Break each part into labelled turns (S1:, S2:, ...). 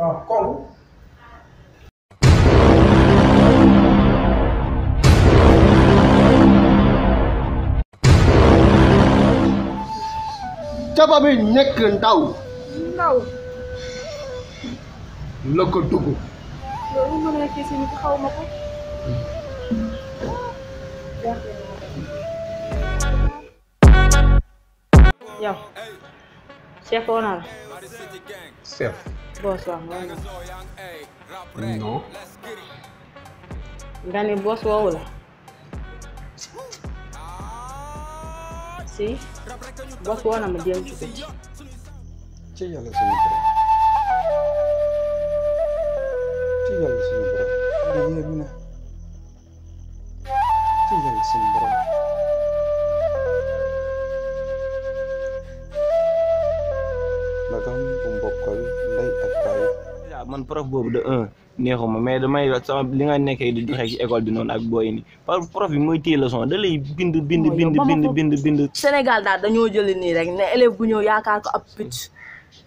S1: à, ờ, cũ cho bà mình nhắc gần tàu đâu lo con tu cô lo ini mana lagi sini kau makan Ya. Chef Ronald. Chef. Bos lah, No. nih bos wow lah. Si, bos wow nama dia juga. Cie lah sini bro. Cie lah sini bro. Dia mana? magam man prof boobu de un neexuma mais damay sama li nga nekkee di doxee ci école bi noonu ak booy ni parce que prof bi mooy téye leçon da lay bind bind bind bind bind bind Sénégal daal dañoo jëli nii rek ne élève bu ñëw yaakaar ko ab picc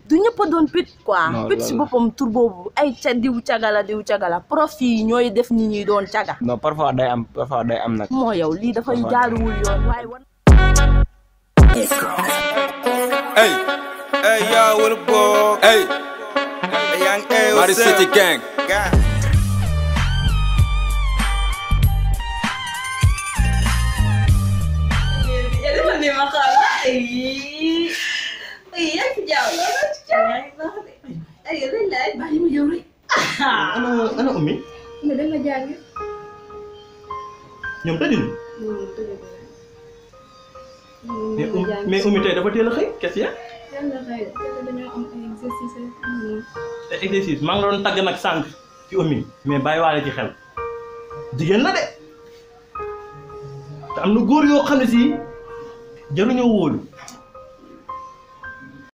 S1: du ñëpp a doon pit quoi pit boppam tur boobu ay ca diw cagala diw cagala prof ñooy def ñi ñuy doon caga non parfois day am parfois day am nag moo yow lii dafay jaaruwul yoon waaye wan Hey, yo, with a book. Hey. Hey, young A. What's up? City Gang. gang. Mais lagi. Iya, jauh banget. Ayo, qu'est-ce qu'il y a dia kasi te exercice maa ngi doon tagg nag sànq ci omi mais bàyyiwaale ci xel jigéen la de te am na góor yoo xam ne si jaruñoo wóolu